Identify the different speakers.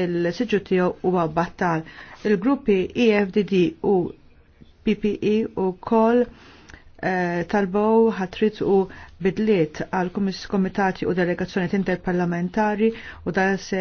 Speaker 1: il-siġu tiegħu huwa battal. Il-gruppi EFDD u PPE u kol eh, talbow ħatrit u bidliet għal komitati u delegazzjoni interparlamentari u dal se